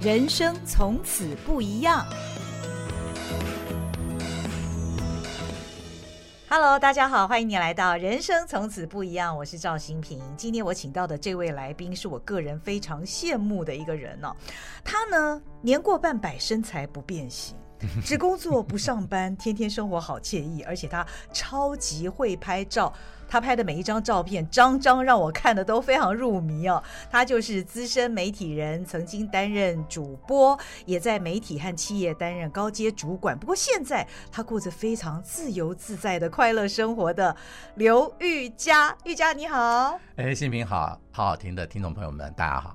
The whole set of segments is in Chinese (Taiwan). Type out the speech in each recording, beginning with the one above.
人生從此不一樣。Hello，大家好，歡迎你來到人生從此不一樣。我是趙心屏，今天我請到的這位來賓是我個人非常羨慕的一個人哦。他呢，年過半百，身材不變形，只工作不上班，天天生活好愜意，而且他超級會拍照。他拍的每一張照片，張張讓我看的都非常入迷哦。他就是資深媒體人，曾經擔任主播，也在媒體和企業擔任高階主管。不過現在，他過着非常自由自在的快樂生活的劉玉嘉，玉嘉你好。哎，心屏好，好好聽的聽眾朋友們，大家好。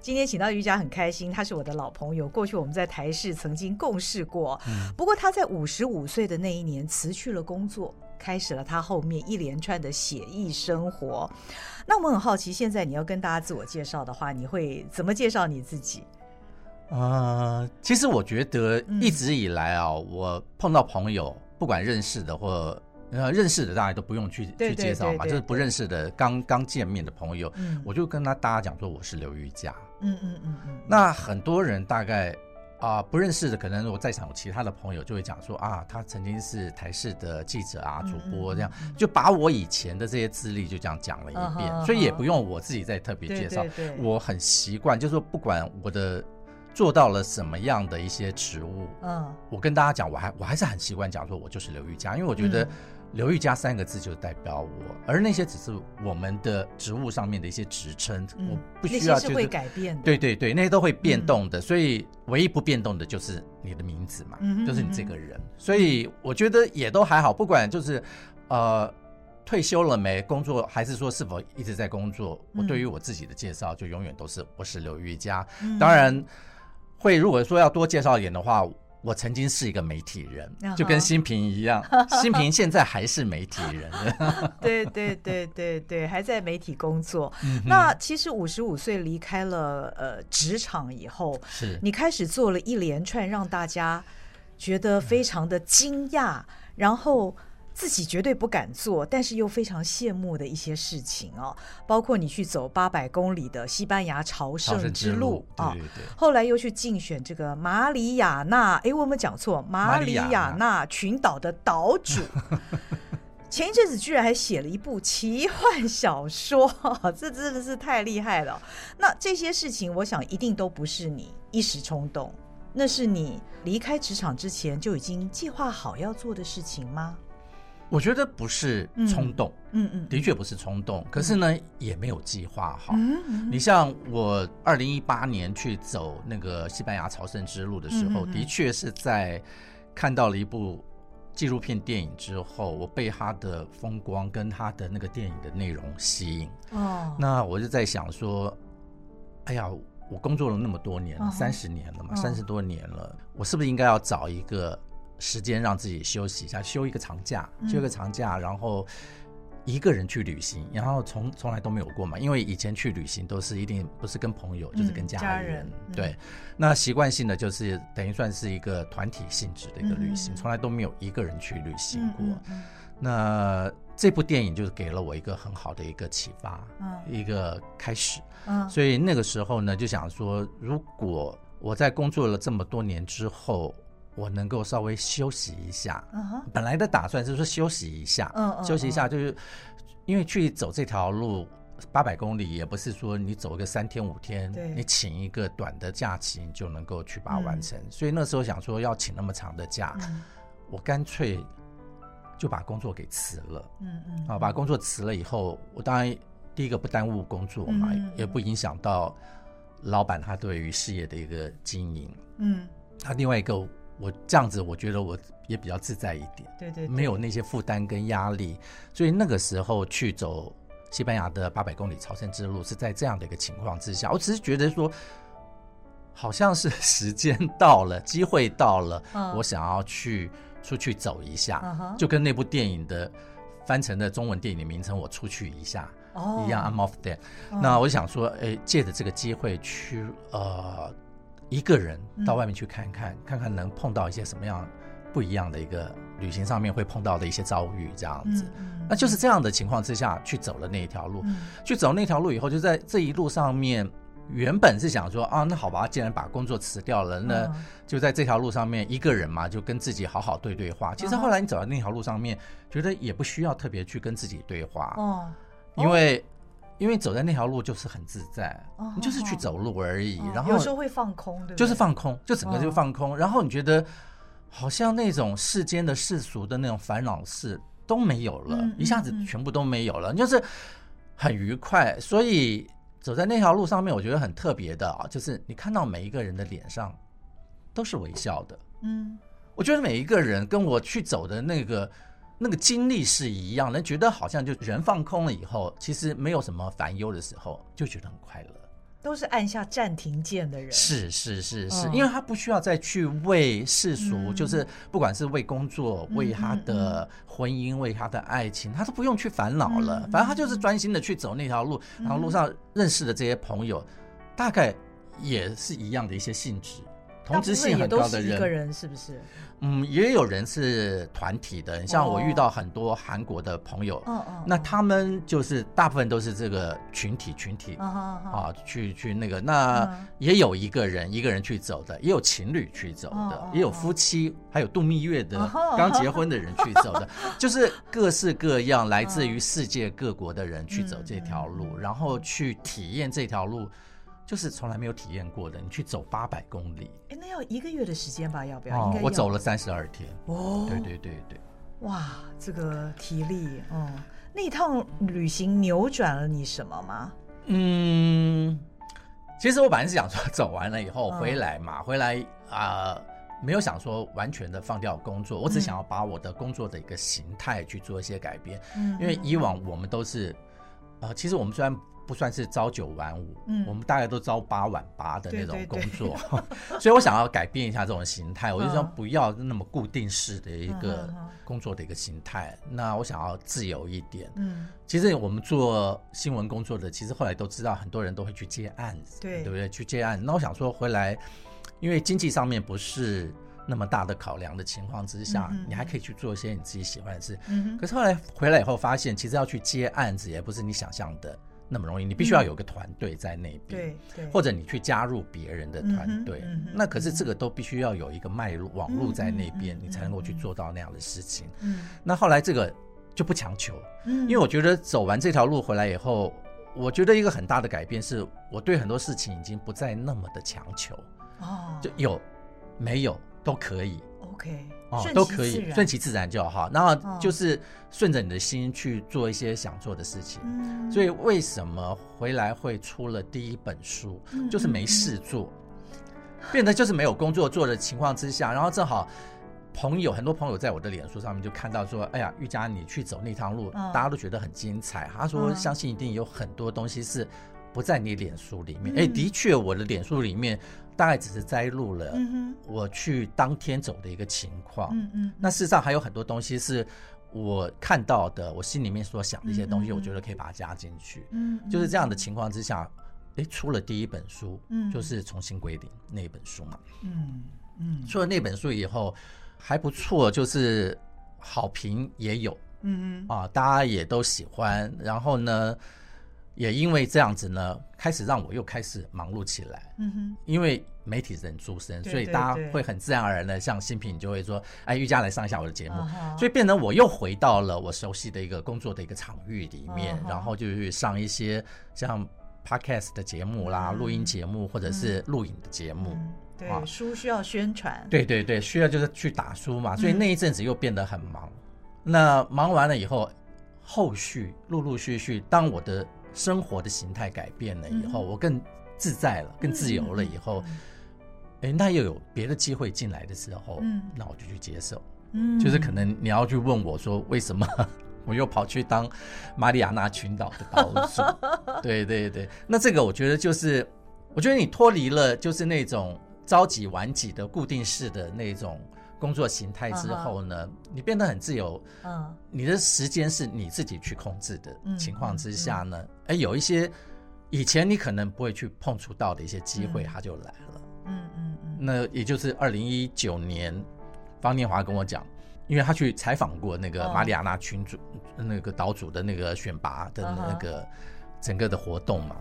今天請到玉嘉很開心，他是我的老朋友，過去我們在台視曾經共事過。嗯、不過他在五十五歲的那一年辭去了工作。開始了他後面一連串的寫意生活。那我們很好奇，現在你要跟大家自我介紹的話，你會怎麼介紹你自己？呃，其實我覺得一直以來啊，嗯，我碰到朋友，不管認識的或呃認識的，大家都不用去去介紹嘛，就是不認識的剛剛見面的朋友，嗯，我就跟他大家講說我是劉玉嘉。嗯嗯嗯，嗯。那很多人大概。啊、呃，不認識的，可能我在場有其他的朋友就會講說啊，他曾經是台視的記者啊，嗯嗯主播這樣，就把我以前的這些資歷就這樣講了一遍，uh -huh. 所以也不用我自己再特別介紹。Uh -huh. 我很習慣，就是、說不管我的做到了什麼樣的一些職務，嗯、uh -huh.，我跟大家講，我還我還是很習慣講說我就是劉玉嘉，因為我覺得、uh。-huh. 劉玉佳三個字就代表我，而那些只是我們的職務上面的一些職稱，嗯、我不需要就是，是會改變對對對，那些都會變動的、嗯，所以唯一不變動的就是你的名字嘛，嗯、就是你這個人、嗯，所以我覺得也都還好，不管就是呃退休了沒工作，還是說是否一直在工作，我對於我自己的介紹就永遠都是我是劉玉嘉、嗯，當然會如果說要多介紹一點的話。我曾經是一個媒體人，uh -huh. 就跟新平一樣，新 平現在還是媒體人。 對對對對對，還在媒體工作。嗯、那其實五十五歲離開了、呃、職場以後，是你開始做了一連串讓大家覺得非常的驚訝，嗯、然後。自己絕對不敢做，但是又非常羨慕的一些事情哦，包括你去走八百公里的西班牙朝聖之路啊，哦，後來又去競選這個馬里亞納，哎，我有沒有講錯？馬里亞納群島的島主，前一陣子居然還寫了一部奇幻小說， 這真的是太厲害了。那這些事情，我想一定都不是你一時衝動，那是你離開職場之前就已經計劃好要做的事情嗎？我覺得不是衝動，嗯嗯，的確不是衝動。可是呢，也沒有計劃哈。你像我二零一八年去走那個西班牙朝聖之路的時候，的確是在看到了一部紀錄片電影之後，我被它的風光跟它的那個電影的內容吸引。哦，那我就在想說，哎呀，我工作了那麼多年了，三十年了嘛，三十多年了，我是不是應該要找一個時間讓自己休息一下，休一個長假，休一個長假，嗯、然後一個人去旅行，然後從從來都沒有過嘛，因為以前去旅行都是一定不是跟朋友、嗯、就是跟家人，家人對、嗯，那習慣性的就是等於算是一個團體性質的一個旅行，嗯、從來都沒有一個人去旅行過。嗯、那這部電影就是給了我一個很好的一個啟發，嗯、一個開始、嗯。所以那個時候呢，就想說，如果我在工作了這麼多年之後。我能夠稍微休息一下，uh -huh. 本來的打算就是說休息一下，uh -huh. 休息一下，就是、uh -huh. 因為去走這條路八百公里，也不是說你走個三天五天，你請一個短的假期就能夠去把它完成、嗯。所以那時候想說要請那麼長的假，嗯、我乾脆就把工作給辭了。嗯嗯，嗯，啊，把工作辭了以後，我當然第一個不耽誤工作嘛，嗯嗯嗯嗯也不影響到老板他對於事業的一個經營。嗯，他另外一個。我這樣子，我覺得我也比較自在一點，對對，沒有那些負擔跟壓力，所以那個時候去走西班牙的八百公里朝聖之路是在這樣的一個情況之下。我只是覺得說，好像是時間到了，機會到了，我想要去出去走一下，就跟那部電影的翻成的中文電影的名稱“我出去一下”一樣，“I'm off there”。那我想說，哎、欸，借着這個機會去呃。一個人到外面去看看、嗯、看看能碰到一些什麼樣不一樣的一個旅行上面會碰到的一些遭遇這樣子，嗯、那就是這樣的情況之下去走了那一條路、嗯，去走那條路以後，就在這一路上面，原本是想說啊，那好吧，既然把工作辭掉了，那就在這條路上面一個人嘛，就跟自己好好對對話。其實後來你走到那條路上面，覺得也不需要特別去跟自己對話，哦，哦，因為。因為走在那條路就是很自在，哦、你就是去走路而已，哦、然後有時候會放空，對不對？就是放空，就整個就放空，哦，然後你覺得好像那種世間的世俗的那種煩惱事都沒有了，嗯嗯嗯、一下子全部都沒有了，就是很愉快。所以走在那條路上面，我覺得很特別的啊，就是你看到每一個人的臉上都是微笑的，嗯，我覺得每一個人跟我去走的那個。那個經歷是一樣，的，覺得好像就人放空了以後，其實沒有什麼煩憂的時候，就覺得很快樂。都是按下暫停鍵的人。是是是是，哦、因為他不需要再去為世俗、嗯，就是不管是為工作、為他的婚姻、嗯嗯嗯、為他的愛情，他都不用去煩惱了。嗯、反正他就是專心的去走那條路、嗯，然後路上認識的這些朋友，嗯、大概也是一樣的一些性質。同質性很高的人，一個人是不是？嗯，也有人是團體的，你像我遇到很多韓國的朋友，那他們就是大部分都是這個群體，群體啊，去去那個，那也有一個人一個人去走的，也有情侶去走的，也有夫妻，還有度蜜月的剛結婚的人去走的，就是各式各樣，來自於世界各國的人去走這條路，然後去體驗這條路，就是從來沒有體驗過的，你去走八百公里，哎、欸，那要一個月的時間吧？要不要？哦、應該要，我走了三十二天。哦，對對對對，哇，這個體力，嗯，那一趟旅行扭轉了你什麼嗎？嗯，其實我本來是想說，走完了以後回來嘛，嗯、回來啊、呃，沒有想說完全的放掉工作，我只想要把我的工作的一個形態去做一些改變。嗯，因為以往我們都是，啊、呃，其實我們雖然。不算是朝九晚五，嗯，我們大概都朝八晚八的那種工作，對對對 所以我想要改變一下這種形態， 我就說不要那麼固定式的一個工作的一個形態、嗯。那我想要自由一點，嗯，其實我們做新聞工作的，其實後來都知道，很多人都會去接案子，對，對不對？去接案子，那我想說回來，因為經濟上面不是那麼大的考量的情況之下、嗯，你還可以去做一些你自己喜歡的事、嗯。可是後來回來以後發現，其實要去接案子也不是你想象的，那麼容易，你必須要有個團隊在那邊，對、嗯，或者你去加入別人的團隊，那可是這個都必須要有一個脈絡網路在那邊、嗯，你才能夠去做到那樣的事情。嗯、那後來這個就不強求、嗯，因為我覺得走完這條路回來以後、嗯，我覺得一個很大的改變是我對很多事情已經不再那麼的強求、哦、就有沒有都可以。OK，哦，都可以，順其自然就好。然後就是順着你的心去做一些想做的事情、嗯。所以為什麼回來會出了第一本書，嗯、就是沒事做、嗯，變得就是沒有工作做的情況之下，然後正好朋友很多朋友在我的臉書上面就看到說，哎呀，玉嘉你去走那趟路、嗯，大家都覺得很精彩。他說，相信一定有很多東西是不在你臉書裡面。哎、嗯欸，的確，我的臉書裡面。大概只是摘錄了我去當天走的一個情況。嗯嗯,那事實上還有很多東西是我看到的，我心裡面所想的一些東西，我覺得可以把它加進去。嗯，就是這樣的情況之下，誒，出了第一本書，嗯，就是重新規定那本書嘛。嗯嗯，出了那本書以後還不錯，就是好評也有。嗯嗯，啊，大家也都喜歡。然後呢，也因為這樣子呢，開始讓我又開始忙碌起來。嗯哼，因為媒體人出身，所以大家會很自然而然的，像新品就會說：“哎，玉嘉來上一下我的節目。哦”所以變成我又回到了我熟悉的一個工作的一個場域裡面，哦、然後就去上一些像 podcast 的節目啦、錄、嗯、音節目或者是錄影的節目、嗯嗯啊。對，書需要宣傳。對對對，需要就是去打書嘛。所以那一陣子又變得很忙、嗯。那忙完了以後，後續陸陸續續，當我的。生活的形態改變了以後、嗯，我更自在了，更自由了以後，嗯欸、那又有別的機會進來的時候、嗯，那我就去接受，嗯，就是可能你要去問我說，為什麼我又跑去當馬里亞納群島的島主？ 對對對，那這個我覺得就是，我覺得你脫離了就是那種朝九晚幾的固定式的那種。工作形態之後呢，你變得很自由，嗯，你的時間是你自己去控制的情況之下呢，哎，有一些以前你可能不會去碰觸到的一些機會，它就來了，嗯嗯嗯。那也就是二零一九年，方念華跟我講，因為他去採訪過那個馬里亞納群島那個島主的那個選拔的那個整個的活動嘛，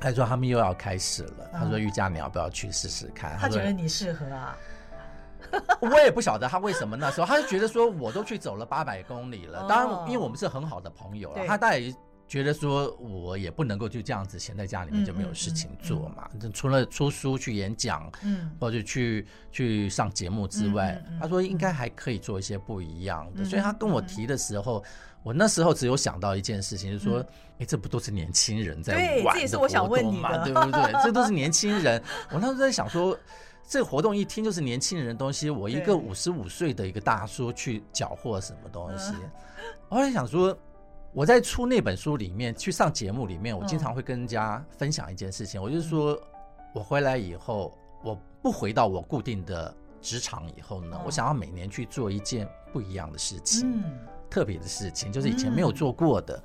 他說他們又要開始了，他說玉嘉你要不要去試試看？他覺得你適合啊。 我也不曉得他為什麼那時候，他就覺得說我都去走了八百公里了，當然因為我們是很好的朋友，他大概覺得說我也不能夠就這樣子閒在家裡面就沒有事情做嘛，除了出書去演講，或者去去上節目之外，他說應該還可以做一些不一樣的，所以他跟我提的時候，我那時候只有想到一件事情，就是說，哎，這不都是年輕人在玩的活動嗎？對不對？這都是年輕人。我那時候在想說。這個活動一聽就是年輕人的東西，我一個五十五歲的一個大叔去攪和什麼東西？我在想說，我在出那本書裡面去上節目裡面，我經常會跟人家分享一件事情，嗯、我就是說，我回來以後，我不回到我固定的職場以後呢，嗯、我想要每年去做一件不一樣的事情、嗯，特別的事情，就是以前沒有做過的。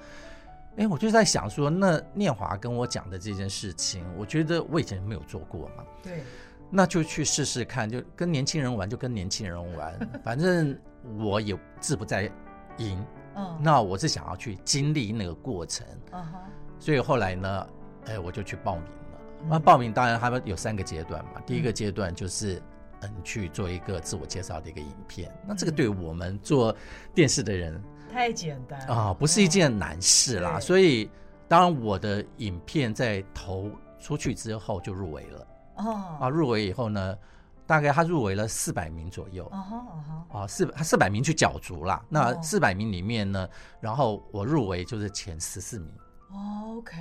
哎、嗯，我就在想說，那念華跟我講的這件事情，我覺得我以前沒有做過嘛？對。那就去試試看，就跟年輕人、人玩，就跟年輕人玩。反正我也志不在贏，嗯， 那我是想要去經歷那個過程。 所以後來呢，哎，我就去報名了。那、嗯、報名當然他們有三個階段嘛、嗯，第一個階段就是嗯去做一個自我介紹的一個影片。嗯、那這個對我們做電視的人太簡單啊、哦，不是一件難事啦。哦、所以當然我的影片在投出去之後就入圍了。哦、oh, 啊，入圍以後呢，大概他入圍了四百名左右，哦哈哦哈，啊四百他四百名去角逐啦。Uh -huh. 那四百名裡面呢，然後我入圍就是前十四名。Oh, OK，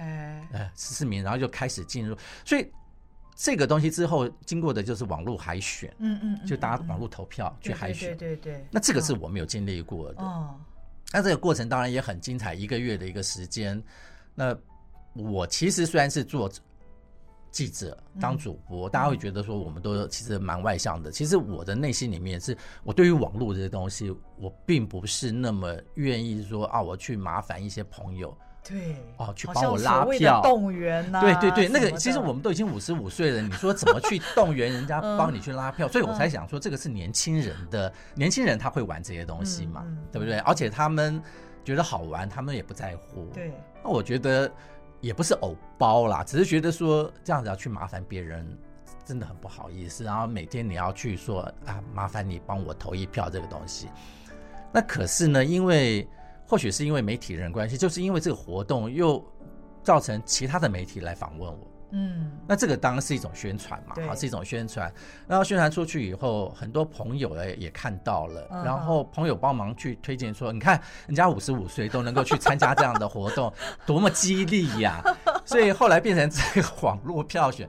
呃、十四名，然後就開始進入。所以這個東西之後經過的就是網絡海選，嗯嗯，嗯，就大家網絡投票去海選，對對、對、對、對。那這個是我沒有經歷過的。哦、oh. oh. 啊，那這個過程當然也很精彩，一個月的一個時間。那我其實雖然是做。記者當主播、嗯，大家會覺得說，我們都其實蠻外向的、嗯。其實我的內心裡面是，我對於網絡這些東西，我並不是那麼願意說啊，我去麻煩一些朋友，對，哦，去幫我拉票，動員吶、啊，對對對，那個其實我們都已經五十五歲了，你說怎麼去動員人家幫你去拉票？ 嗯、所以我才想說，這個是年輕人的，年輕人他會玩這些東西嘛、嗯，對不對？而且他們覺得好玩，他們也不在乎。對，那我覺得。也不是偶包啦，只是覺得說這樣子要去麻煩別人，真的很不好意思。然後每天你要去說啊，麻煩你幫我投一票這個東西，那可是呢，因為或許是因為媒體人的關係，就是因為這個活動又造成其他的媒體來訪問我。嗯，那這個當然是一種宣傳嘛，啊是一種宣傳。然後宣傳出去以後，很多朋友呢也看到了，嗯、然後朋友幫忙去推薦說、嗯：“你看，人家五十五歲都能夠去參加這樣的活動， 多麼激勵呀、啊！”所以後來變成這個網絡票選，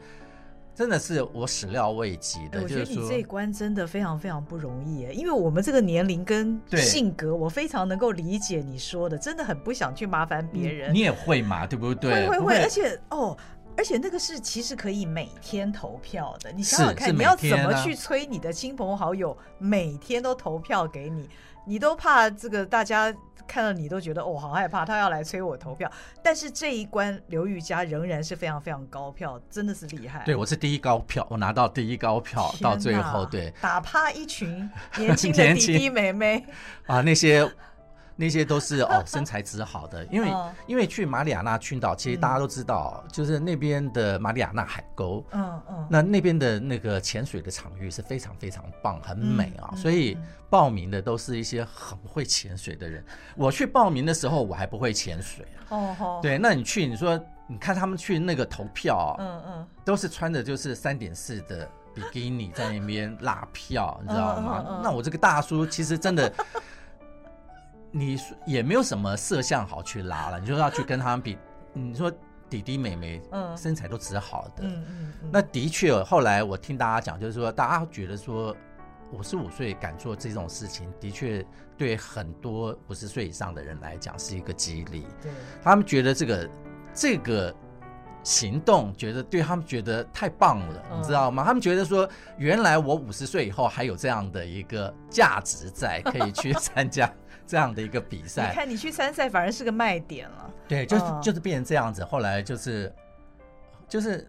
真的是我始料未及的。我覺得你這一關真的非常非常不容易，因為我們這個年齡跟性格，我非常能夠理解你說的，真的很不想去麻煩別人。你也會嘛？對不對？會會會，會而且哦。而且那個是其實可以每天投票的，你想想看，啊、你要怎麼去催你的親朋好友每天都投票給你？你都怕這個大家看到你都覺得哦，好害怕，他要來催我投票。但是這一關劉玉嘉仍然是非常非常高票，真的是厲害。對，我是第一高票，我拿到第一高票，到最後對，打趴一群年輕的弟弟妹妹 啊，那些。 那些都是哦身材極好的，因為、哦、因為去馬里亞納群島，其實大家都知道，嗯、就是那邊的馬里亞納海溝，嗯嗯，那那邊的那個潛水的場域是非常非常棒，很美啊、哦、嗯嗯嗯，所以報名的都是一些很會潛水的人。我去報名的時候我還不會潛水，哦、哦，對，那你去，你說你看他們去那個投票，嗯嗯，都是穿的就是三點四的比基尼在那邊拉票、嗯，你知道嗎、嗯嗯嗯？那我這個大叔其實真的。嗯嗯 你也沒有什麼攝像好去拉了，你就要去跟他們比，你說弟弟妹妹身材都挺好的，那的確。後來我聽大家講，就是說大家覺得說，五十五歲敢做這種事情，的確對很多五十歲以上的人來講是一個激勵。對，他們覺得這個這個行動，覺得對他們覺得太棒了，你知道嗎？他們覺得說，原來我五十歲以後還有這樣的一個價值在，可以去參加。 這樣的一個比賽，你看你去參賽反而是個賣點了。對，就是就是變成這樣子。後來就是就是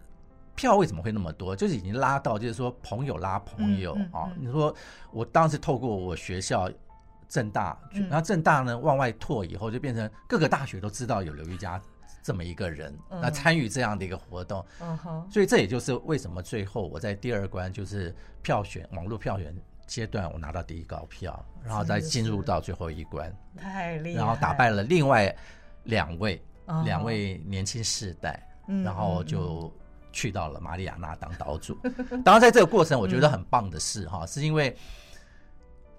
票為什麼會那麼多？就是已經拉到，就是說朋友拉朋友啊。你說我當時透過我學校政大，然後政大呢往外外拓，以後就變成各個大學都知道有劉玉嘉這麼一個人，那參與這樣的一個活動。嗯哼，所以這也就是為什麼最後我在第二關就是票選網絡票選，階段我拿到第一高票，然後再進入到最後一關，就是、太厲害！然後打敗了另外兩位、哦、兩位年輕世代，嗯、然後就去到了馬里亞納當島主。嗯、當然，在這個過程，我覺得很棒的是哈、嗯，是因為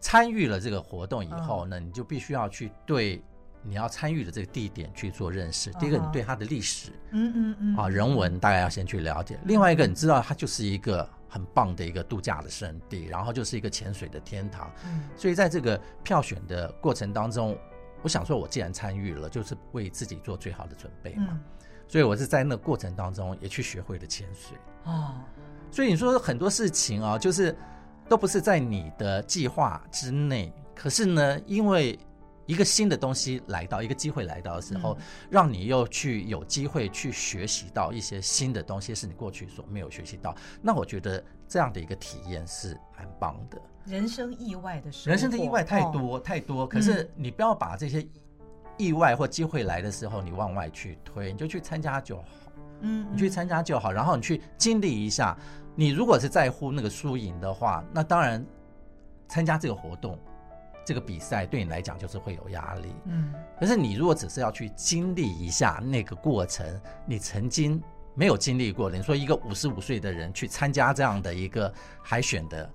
參與了這個活動以後呢，那、哦、你就必須要去對。你要參與的這個地點去做認識，第一個你對它的歷史，嗯嗯嗯，啊人文大概要先去了解。另外一個你知道它就是一個很棒的一個度假的聖地，然後就是一個潛水的天堂。所以在這個票選的過程當中，我想說，我既然參與了，就是為自己做最好的準備嘛。所以我是在那個過程當中也去學會了潛水。哦，所以你說很多事情啊，就是都不是在你的計劃之內，可是呢，因為。一個新的東西來到，一個機會來到的時候、嗯，讓你又去有機會去學習到一些新的東西，是你過去所沒有學習到。那我覺得這樣的一個體驗是很棒的。人生意外的時候，人生的意外太多、哦、太多。可是你不要把這些意外或機會來的時候，你往外去推、嗯，你就去參加就好。嗯，嗯，你去參加就好，然後你去經歷一下。你如果是在乎那個輸贏的話，那當然參加這個活動，這個比賽對你來講就是會有壓力，嗯，可是你如果只是要去經歷一下那個過程，你曾經沒有經歷過的，你說一個五十五歲的人去參加這樣的一個海選的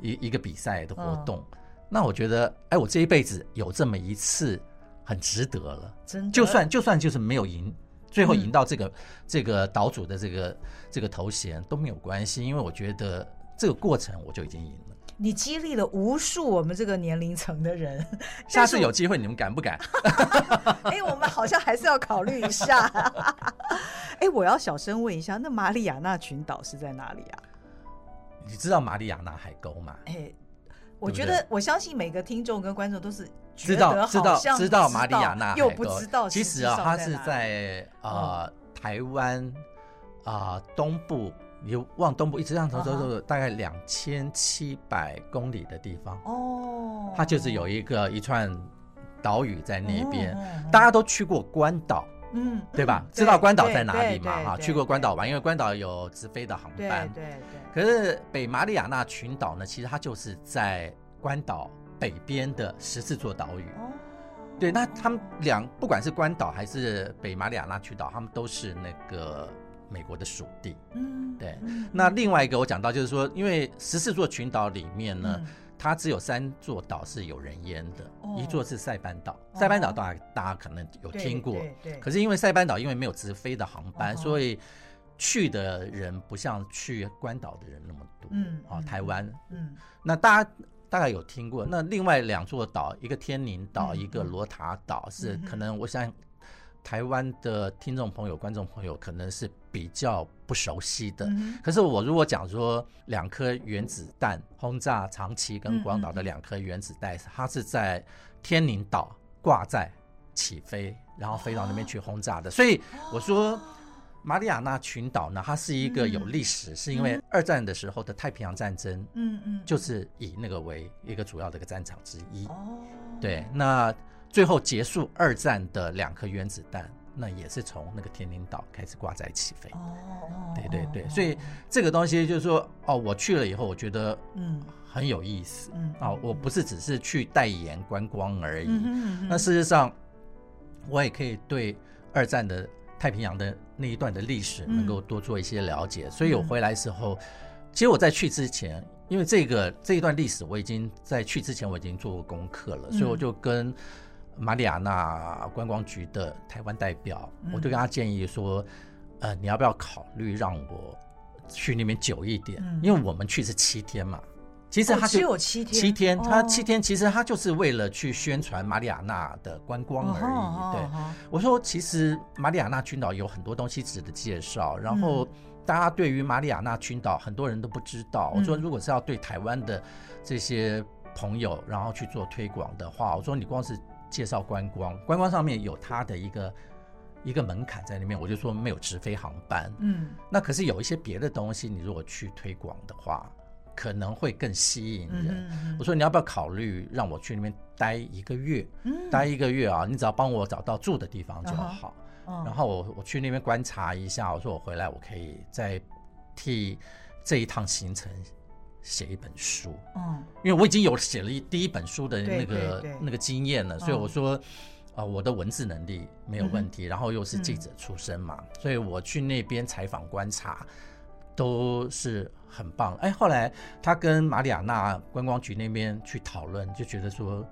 一一個比賽的活動、嗯，那我覺得，哎，我這一輩子有這麼一次，很值得了。真的，就算就算就是沒有贏，最後贏到這個、嗯、這個島主的這個這個頭銜都沒有關係，因為我覺得這個過程我就已經贏了。你激勵了無數我們這個年齡層的人，下次有機會你們敢不敢？哎、 欸，我們好像還是要考慮一下。哎、 欸，我要小聲問一下，那馬里亞納群島是在哪裡啊？你知道馬里亞納海溝嗎？哎、欸，我覺得對對，我相信每個聽眾跟觀眾都是知，知知知知是知道知道知道馬里亞納海溝，又不知道，其實啊、哦，它是在，嗯呃、台灣啊、呃、東部。你往東部一直上頭走走，大概兩千七百公里的地方哦，它就是有一個一串島嶼在那邊。大家都去過關島，嗯，對吧？知道關島在哪裡嗎？哈，去過關島吧，因為關島有直飛的航班。對對。可是北馬里亞納群島呢？其實它就是在關島北邊的十四座島嶼。哦。對，那他們兩，不管是關島還是北馬里亞納群島，他們都是那個。美國的屬地，嗯，對、嗯，那另外一個我講到就是說，因為十四座群島裡面呢，嗯、它只有三座島是有人煙的，嗯、一座是塞班島，哦、塞班島大家、哦、大家可能有聽過，可是因為塞班島因為沒有直飛的航班，哦、所以去的人不像去關島的人那麼多，嗯啊、哦，台灣嗯，嗯，那大家大概有聽過，嗯、那另外兩座島，嗯、一個天寧島、嗯，一個羅塔島，嗯、是可能我想，台灣的聽眾朋友、觀眾朋友可能是比較不熟悉的，嗯、可是我如果講說兩顆原子彈轟炸長崎跟廣島的兩顆原子彈、嗯嗯，它是在天寧島掛在起飛，然後飛到那邊去轟炸的、哦。所以我說馬里亞納群島呢，它是一個有歷史、嗯，是因為二戰的時候的太平洋戰爭，嗯嗯，就是以那個為一個主要的一個戰場之一。哦，對，那。最後結束二戰的兩顆原子彈，那也是從那個天寧島開始掛載起飛。哦，對對對，所以這個東西就是說，哦，我去了以後，我覺得嗯很有意思。嗯，啊、哦嗯，我不是只是去代言觀光而已。嗯哼嗯哼。那事實上，我也可以對二戰的太平洋的那一段的歷史能夠多做一些了解。嗯。所以，我回來的時候，其實我在去之前，因為這個這一段歷史我已經在去之前我已經做過功課了，嗯。所以我就跟。馬里亞那觀光局的台灣代表、嗯，我就跟他建議說：“呃，你要不要考慮讓我去那邊久一點、嗯？因為我們去是七天嘛。其實他是、哦、只有七天，七天、哦，他七天其實他就是為了去宣傳馬里亞那的觀光而已、哦好好好好。對，我說其實馬里亞那群島有很多東西值得介紹，然後大家對於馬里亞那群島很多人都不知道、嗯。我說如果是要對台灣的這些朋友然後去做推廣的話，我說你光是。”介紹觀光，觀光上面有它的一個一個門檻在那邊，我就說沒有直飛航班。嗯，那可是有一些別的東西，你如果去推廣的話，可能會更吸引人。嗯，我說你要不要考慮讓我去那邊待一個月？嗯，待一個月啊，你只要幫我找到住的地方就好。然後，然後我我去那邊觀察一下，我說我回來我可以再替這一趟行程。寫一本書，嗯，因為我已經有寫了第一本書的那個對對對那個經驗了、嗯，所以我說，啊、呃，我的文字能力沒有問題，嗯、然後又是記者出身嘛，嗯、所以我去那邊採訪觀察都是很棒。哎，後來他跟馬里亞納觀光局那邊去討論，就覺得說，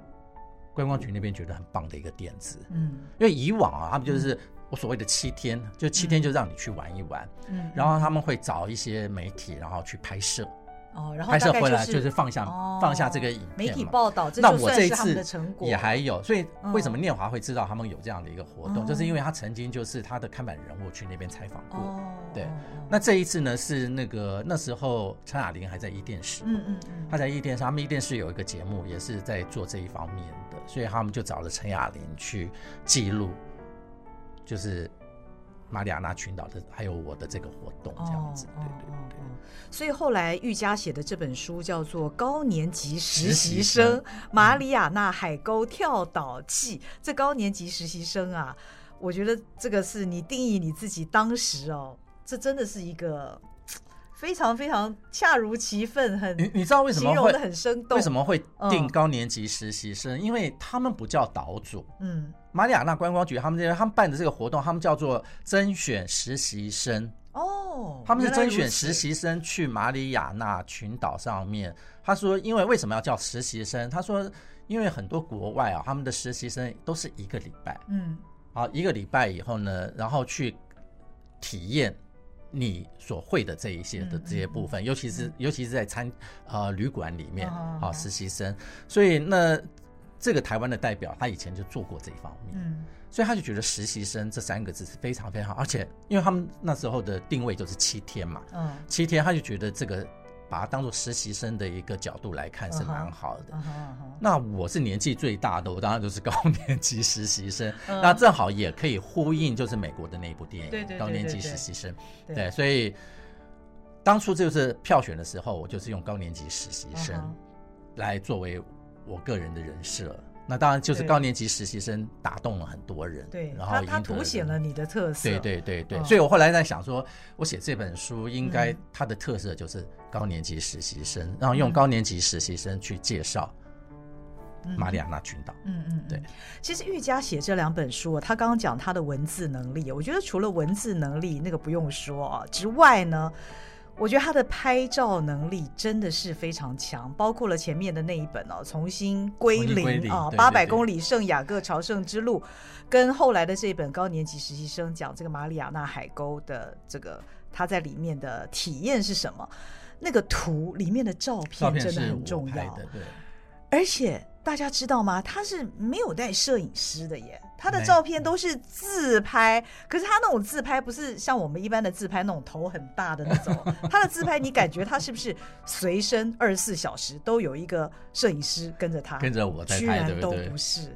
觀光局那邊覺得很棒的一個點子，嗯，因為以往啊，他們就是我所謂的七天、嗯，就七天就讓你去玩一玩，嗯，然後他們會找一些媒體，然後去拍攝。哦，然後拍攝回來就是放下、oh, 放下這個影片嘛。媒體報道那我這一次也還有，嗯，所以為什麼念華會知道他們有這樣的一個活動、嗯，就是因為他曾經就是他的看板人物去那邊採訪過、嗯。對，那這一次呢，是那個那時候陳雅琳還在壹電視，嗯嗯，嗯，他在壹電視，他們壹電視有一個節目也是在做這一方面的，所以他們就找了陳雅琳去記錄，就是。馬里亞納群島的，還有我的這個活動這樣子，哦、對對對。所以後來玉嘉寫的這本書叫做《高年級實習生：馬里亞納海溝跳島記》嗯。這高年級實習生啊，我覺得這個是你定義你自己當時哦，這真的是一個非常非常恰如其分，很你你知道為什麼形容得很生動？為什麼會定高年級實習生、嗯？因為他們不叫島主，嗯。馬里亞納觀光局，他們這邊，他們辦的這個活動，他們叫做徵選實習生哦，他們是徵選實習生去馬里亞納群島上面。他說，因為為什麼要叫實習生？他說，因為很多國外啊，他們的實習生都是一個禮拜，嗯，好，一個禮拜以後呢，然後去體驗你所會的這一些的這些部分，尤其是尤其是在餐啊、呃、旅館裡面好，實習生，所以那。這個台灣的代表，他以前就做過這一方面，所以他就覺得“實習生”這三個字是非常非常好，而且因為他們那時候的定位就是七天嘛，嗯，七天他就覺得這個把它當做實習生的一個角度來看是蠻好的。那我是年紀最大的，我當然就是高年級實習生，那正好也可以呼應就是美國的那一部電影《高年級實習生》。對，所以當初就是票選的時候，我就是用高年級實習生來作為。我個人的人設，那當然就是高年級實習生打動了很多人。對，然後他經凸顯了你的特色。對對對對，哦、所以我後來在想說，我寫這本書應該它的特色就是高年級實習生，嗯、然後用高年級實習生去介紹馬里亞納群島。嗯嗯，對、嗯嗯。其實玉嘉寫這兩本書，他剛剛講他的文字能力，我覺得除了文字能力那個不用說之外呢。我覺得他的拍照能力真的是非常強，包括了前面的那一本哦，重新歸零啊，哦，八百公里聖雅各朝聖之路，對對對，跟後來的這本高年級實習生，講這個馬里亞納海溝的這個他在裡面的體驗是什麼，那個圖裡面的照片真的很重要，而且大家知道嗎？他是沒有帶攝影師的耶。他的照片都是自拍，可是他那種自拍不是像我們一般的自拍那種頭很大的那種。 他的自拍，你感覺他是不是隨身二十四小時都有一個攝影師跟着他？跟着我在拍，對不對？居然都不是，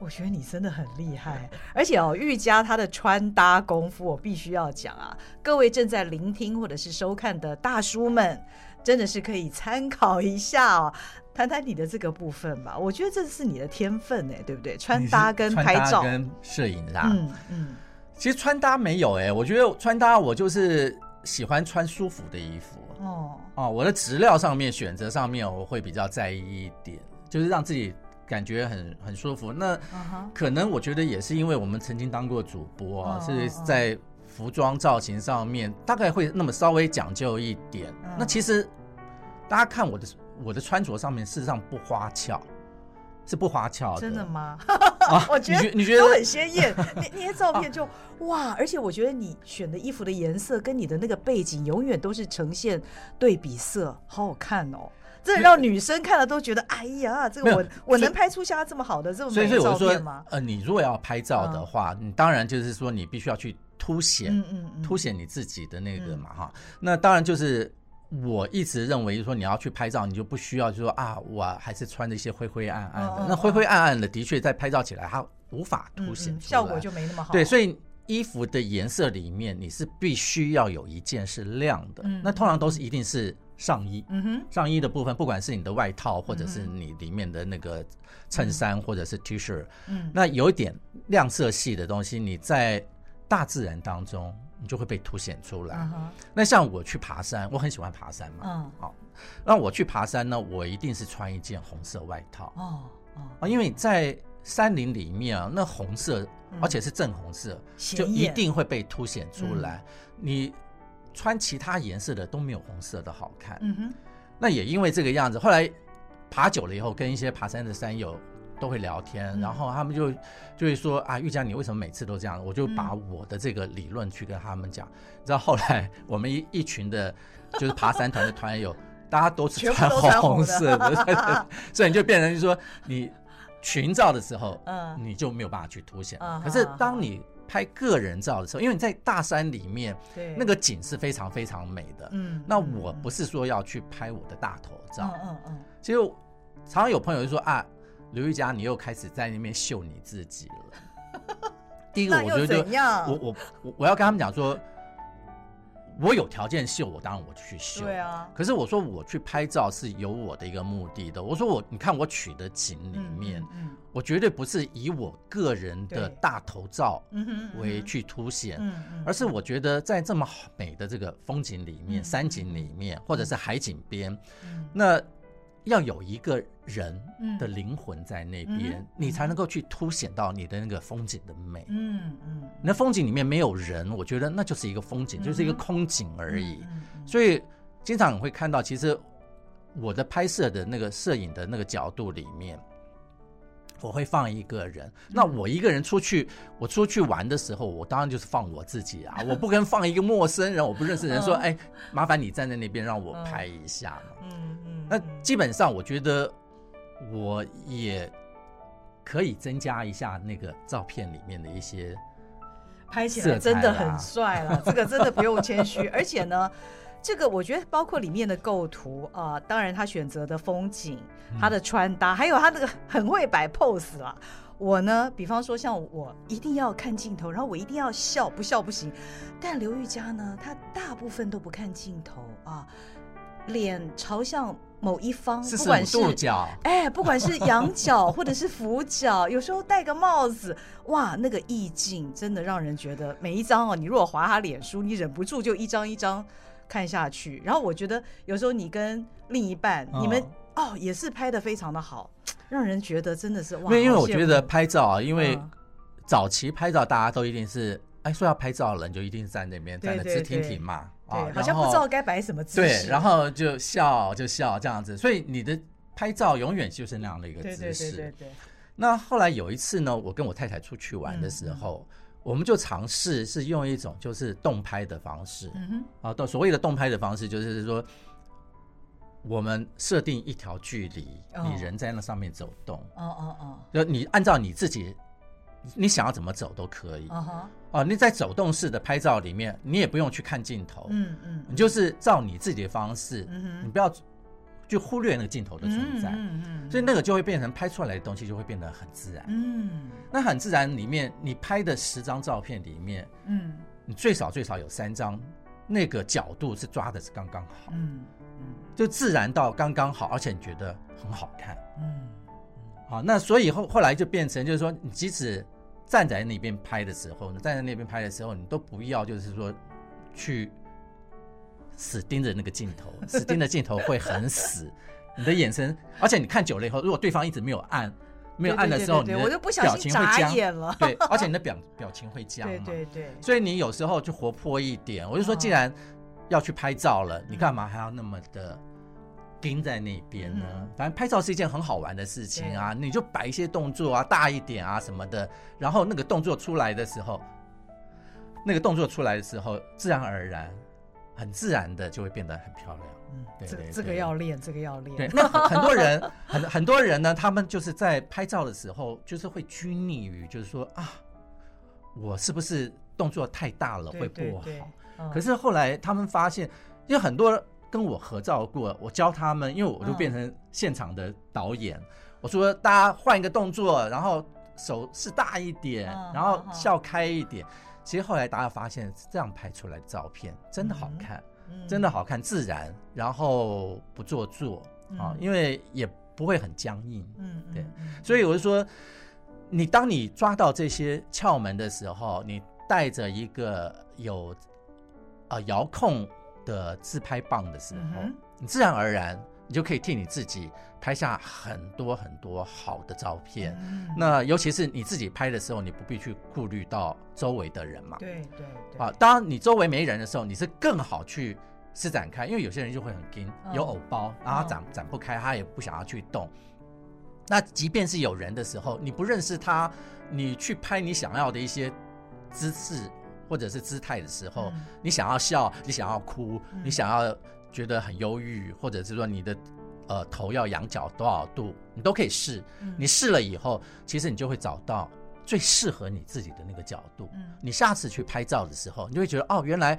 我覺得你真的很厲害。而且哦，玉嘉他的穿搭功夫，我必須要講啊！各位正在聆聽或者是收看的大叔們，真的是可以參考一下哦。談談你的這個部分吧，我覺得這是你的天分哎、欸，對不對？穿搭跟拍照跟攝影啦，嗯嗯，其實穿搭沒有哎、欸，我覺得穿搭我就是喜歡穿舒服的衣服哦哦，我的質料上面選擇上面我會比較在意一點，就是讓自己感覺很很舒服。那可能我覺得也是因為我們曾經當過主播，哦、是在服裝造型上面大概會那麼稍微講究一點、嗯。那其實大家看我的。我的穿着上面事實上不花俏，是不花俏的。真的嗎？ 啊、我覺得你覺得都很鮮艷。 你那些照片就、啊、哇，而且我覺得你選的衣服的顏色跟你的那個背景永遠都是呈現對比色，好好看哦。這讓女生看了都覺得哎呀，這個我我能拍出像他這麼好的這麼美的照片嗎？所以我就說，呃，你若要拍照的話、啊，你當然就是說你必須要去凸顯，嗯嗯嗯、凸顯你自己的那個嘛、嗯、哈。那當然就是。我一直認為，說你要去拍照，你就不需要，就說啊，我還是穿那些灰灰暗暗的。那灰灰暗暗的，的確在拍照起來，它無法凸顯出來，效果就沒那麼好。對，所以衣服的顏色裡面，你是必須要有一件是亮的。那通常都是一定是上衣。嗯哼，上衣的部分，不管是你的外套，或者是你裡面的那個襯衫，或者是 T 恤。嗯，那有一點亮色系的東西，你在大自然當中，你就會被凸顯出來。Uh -huh. 那像我去爬山，我很喜歡爬山嘛。嗯，好。那我去爬山呢，我一定是穿一件紅色外套。哦哦。因為在山林裡面啊，那紅色、uh -huh. 而且是正紅色，uh -huh. 就一定會被凸顯出來。Uh -huh. 你穿其他顏色的都沒有紅色的好看。嗯哼。那也因為這個樣子，後來爬久了以後，跟一些爬山的山友。都會聊天，然後他們就就會說啊，玉嘉，你為什麼每次都這樣？我就把我的這個理論去跟他們講。嗯、你知道後來我們一一群的，就是爬山團的團友， 大家都是穿紅色的，色的 對對對，所以你就變成就是說你群照的時候，嗯，你就沒有辦法去凸顯、嗯。可是當你拍個人照的時候、嗯，因為你在大山裡面，對，那個景是非常非常美的。嗯，那我不是說要去拍我的大頭照，嗯嗯，嗯，其實常常有朋友就說啊。劉玉嘉，你又開始在那邊秀你自己了。第一個，我覺得我我我要跟他們講說，我有條件秀，我當然我去秀。對啊。可是我說我去拍照是有我的一個目的的。我說我你看我取的景裡面，我絕對不是以我個人的大頭照為去凸顯，而是我覺得在這麼美的這個風景裡面，山景裡面，或者是海景邊，那。要有一個人的靈魂在那邊、嗯，你才能夠去凸顯到你的那個風景的美。嗯嗯，那風景裡面沒有人，我覺得那就是一個風景，嗯、就是一個空景而已。嗯嗯嗯、所以經常會看到，其實我的拍攝的那個攝影的那個角度裡面，我會放一個人。那我一個人出去，我出去玩的時候，我當然就是放我自己啊。嗯、我不跟放一個陌生人，嗯、我不認識人、嗯，說：“哎，麻煩你站在那邊讓我拍一下嘛。嗯”嗯。那基本上，我覺得我也可以增加一下那個照片裡面的一些拍起來真的很帥了，這個真的不用謙虛。而且呢，這個我覺得包括裡面的構圖啊，當然他選擇的風景、他的穿搭，還有他那個很會擺 pose 啦。我呢，比方說像我一定要看鏡頭，然後我一定要笑，不笑不行。但劉玉嘉呢，他大部分都不看鏡頭啊。臉朝向某一方，是什麼度角，不管。是，哎，不管是仰角或者是俯角。 有時候戴個帽子，哇，那個意境真的讓人覺得每一張哦，你如果滑他臉書，你忍不住就一張一張看下去。然後我覺得有時候你跟另一半，哦、你們哦也是拍的非常的好，讓人覺得真的是哇。因為因為我覺得拍照啊，因為早期拍照大家都一定是哎說要拍照人就一定在那邊站着直挺挺嘛。對對對對好像不知道該擺什麼姿勢。對，然後就笑，就笑這樣子。所以你的拍照永遠就是那樣的一個姿勢。對對對對，對，對那後來有一次呢，我跟我太太出去玩的時候，嗯嗯、我們就嘗試是用一種就是動拍的方式。嗯哼。啊，到所謂的動拍的方式，就是說我們設定一條距離，哦，你人在那上面走動。哦哦哦。就你按照你自己，你想要怎麼走都可以。哦。哦，你在走動式的拍照裡面，你也不用去看鏡頭，嗯嗯，嗯，你就是照你自己的方式，嗯嗯，你不要去忽略那個鏡頭的存在，嗯嗯，嗯，所以那個就會變成拍出來的東西就會變得很自然，嗯，那很自然裡面，你拍的十張照片裡面，嗯，你最少最少有三張，那個角度是抓的是剛剛好，嗯嗯，就自然到剛剛好，而且你覺得很好看，嗯，好，嗯，哦，那所以後後來就變成就是說，你即使。站在那邊拍的時候呢，站在那邊拍的時候，你都不要就是說，去死盯着那個鏡頭，死盯着鏡頭會很死。 你的眼神，而且你看久了以後，如果對方一直沒有按，沒有按的時候，對對對對對，你的表情會僵，我就不小心眨眼了。 對，而且你的表表情會僵嘛。 對，對，對對。所以你有時候就活潑一點。我就說，既然要去拍照了，啊、你幹嘛還要那麼的？嗯盯在那邊呢、嗯，反正拍照是一件很好玩的事情啊！你就擺一些動作啊，大一點啊什麼的，然後那個動作出來的時候，那個動作出來的時候，自然而然，很自然的就會變得很漂亮。嗯，對，這個要練，這個要練。對這個、要練對那很多人， 很很多人呢，他們就是在拍照的時候，就是會拘泥於，就是說啊，我是不是動作太大了會不好？對對對，嗯，可是後來他們發現，因為很多。跟我合照過，我教他們，因為我就變成現場的導演。哦、我說大家換一個動作，然後手勢大一點，哦、然後笑開一點好好。其實後來大家發現是這樣拍出來的照片真的好看，嗯、真的好看、嗯，自然，然後不做作、嗯、啊，因為也不會很僵硬。嗯，對嗯，所以我就說，你當你抓到這些竅門的時候，你帶着一個有啊、呃、遙控。的自拍棒的時候，嗯、你自然而然你就可以替你自己拍下很多很多好的照片。嗯。那尤其是你自己拍的時候，你不必去顧慮到周圍的人嘛。對，對對。啊，當你周圍沒人的時候，你是更好去施展開，因為有些人就會很緊。嗯，有偶包，然後他展、嗯、展不開，他也不想要去動。那即便是有人的時候，你不認識他，你去拍你想要的一些姿勢或者是姿態的時候、嗯，你想要笑，你想要哭，嗯、你想要覺得很憂鬱，或者是說你的呃頭要仰角多少度，你都可以試、嗯。你試了以後，其實你就會找到最適合你自己的那個角度、嗯。你下次去拍照的時候，你就會覺得哦，原來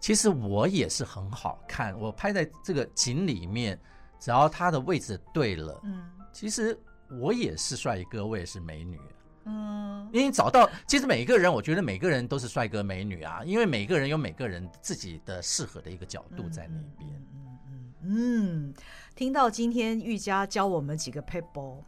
其實我也是很好看。我拍在這個景裡面，只要它的位置對了，嗯，其實我也是帥哥，我也是美女。嗯，因為找到其實每個人，我覺得每個人都是帥哥美女啊，因為每個人有每個人自己的適合的一個角度在那邊。嗯嗯，嗯聽到今天玉嘉教，教我們幾個 pose，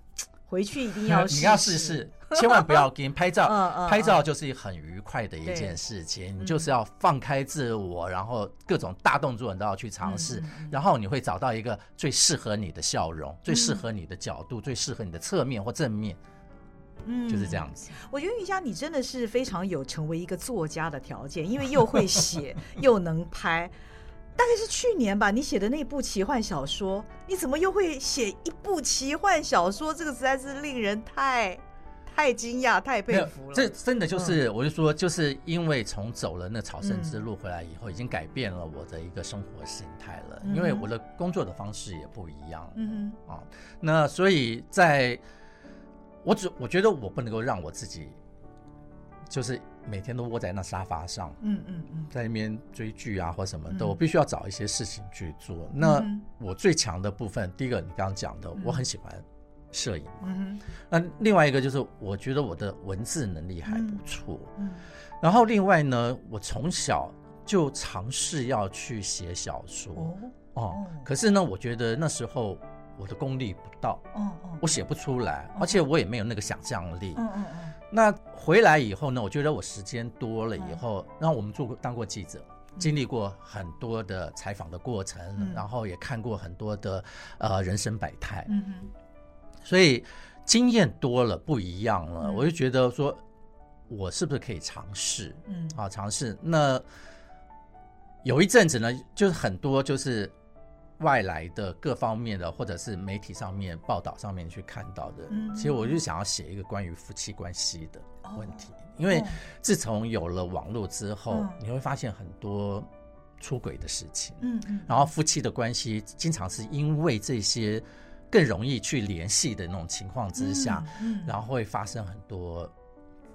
回去一定要試試，你要試試，千萬不要給 拍照。拍照就是很愉快的一件事情，嗯、你就是要放開自我，然後各種大動作你都要去嘗試、嗯，然後你會找到一個最適合你的笑容，最適合你的角度，嗯、最適合你的側面或正面。嗯，就是這樣子。我覺得玉嘉你真的是非常有成為一個作家的條件，因為又會寫， 又能拍。大概是去年吧，你寫的那部奇幻小說，你怎麼又會寫一部奇幻小說？這個實在是令人太、太驚訝，太佩服了。這真的就是，嗯、我就說，就是因為從走了那朝聖之路回來以後、嗯，已經改變了我的一個生活心態了、嗯，因為我的工作的方式也不一樣。嗯，啊，那所以在。我只我覺得我不能夠讓我自己，就是每天都窩在那沙發上，嗯嗯嗯，在那邊追劇啊或什麼的、嗯。我必須要找一些事情去做、嗯。那我最強的部分，第一個你剛剛講的，嗯、我很喜歡攝影嘛、嗯。那另外一個就是，我覺得我的文字能力還不錯、嗯嗯。然後另外呢，我從小就嘗試要去寫小說，哦，嗯、哦。可是呢，我覺得那時候。我的功力不到，oh, okay. 我寫不出來，okay. 而且我也沒有那個想象力，okay. oh, oh, oh. 那回來以後呢，我覺得我時間多了以後，那、oh. 我們做過當過記者、嗯，經歷過很多的採訪的過程，嗯、然後也看過很多的呃人生百態、嗯，所以經驗多了不一樣了、嗯，我就覺得說，我是不是可以嘗試？嗯，啊，嘗試。那有一陣子呢，就是很多就是。外來的各方面的，或者是媒體上面報道上面去看到的，其實我就想要寫一個關於夫妻關係的問題，因為自從有了網絡之後，你會發現很多出軌的事情，嗯、然後夫妻的關係經常是因為這些更容易去聯繫的那種情況之下，然後會發生很多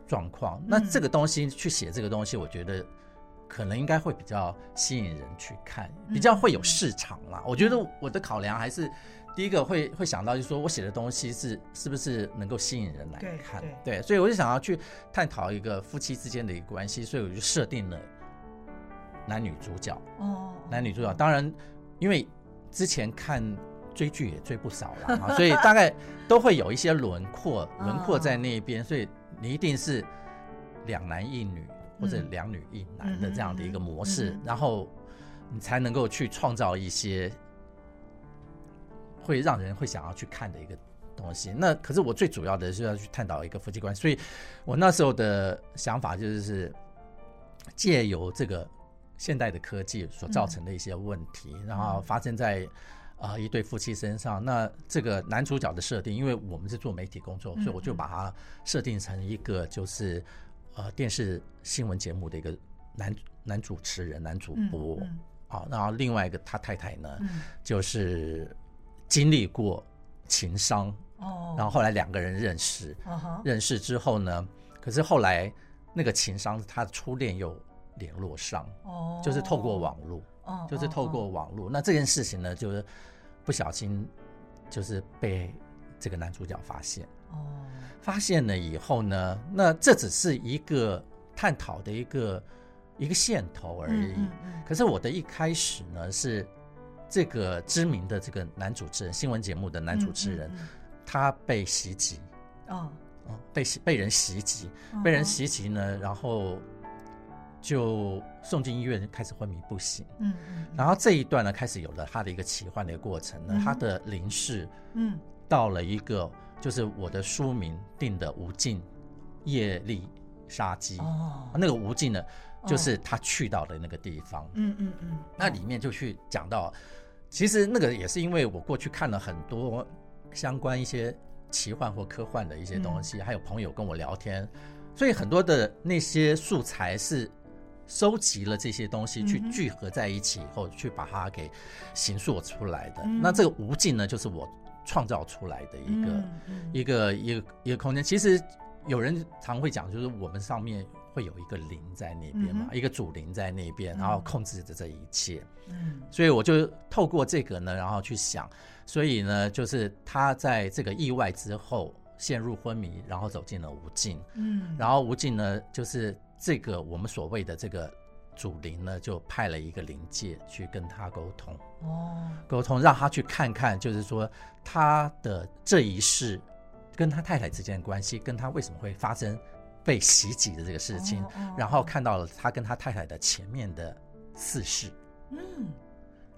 狀況，那這個東西去寫這個東西，我覺得。可能應該會比較吸引人去看，比較會有市場啦。嗯、我覺得我的考量還是第一個會、嗯、會想到，就是說我寫的東西是是不是能夠吸引人來看，對對。對，所以我就想要去探討一個夫妻之間的一個關係，所以我就設定了男女主角。哦，男女主角，當然因為之前看追劇也追不少了啊， 所以大概都會有一些輪廓輪 廓在那一邊，所以你一定是兩男一女。或者兩女一男的這樣的一個模式，然後你才能夠去創造一些會讓人會想要去看的一個東西。那可是我最主要的是要去探討一個夫妻關係，所以我那時候的想法就是借由這個現代的科技所造成的一些問題，然後發生在呃一對夫妻身上。那這個男主角的設定，因為我們是做媒體工作，所以我就把它設定成一個就是。呃，電視新聞節目的一個男男主持人、男主播、嗯嗯、啊，然後另外一個他太太呢、嗯，就是經歷過情傷、嗯，然後後來兩個人認識、哦，認識之後呢，可是後來那個情傷，他初戀又聯絡上，哦、就是透過網絡，哦、就是透過網絡、哦，那這件事情呢，就是不小心就是被這個男主角發現。哦，發現了以後呢，那這只是一個探討的一個一個線頭而已，嗯嗯。可是我的一開始呢，是這個知名的這個男主持人，新聞節目的男主持人，嗯嗯嗯，他被襲擊，哦，被襲被人襲擊，被人襲擊呢，哦，然後就送進醫院，開始昏迷不醒。嗯嗯，嗯，然後這一段呢，開始有了他的一個奇幻的一個過程呢，他的臨逝，嗯，到了一個，嗯。嗯就是我的書名定的無“無境業力殺機”，哦，oh, 那個“無境”呢，oh. 就是他去到的那個地方，嗯嗯嗯，那裡面就去講到，其實那個也是因為我過去看了很多相關一些奇幻或科幻的一些東西，oh. 還有朋友跟我聊天，oh. 所以很多的那些素材是收集了這些東西去聚合在一起以後、oh. 去把它給形塑出來的。Oh. 那這個“無境”呢，就是我。創造出來的一個一個一個一個，一個，一個空間，其實有人常會講，就是我們上面會有一個靈在那邊嘛，一個主靈在那邊，然後控制着這一切。所以我就透過這個呢，然後去想，所以呢，就是他在這個意外之後陷入昏迷，然後走進了無境。嗯，然後無境呢，就是這個我們所謂的這個。主靈呢，就派了一個靈界去跟他溝通，哦，溝通，讓他去看看，就是說他的這一世跟他太太之間的關係，跟他為什麼會發生被襲擊的這個事情，然後看到了他跟他太太的前面的四世，嗯，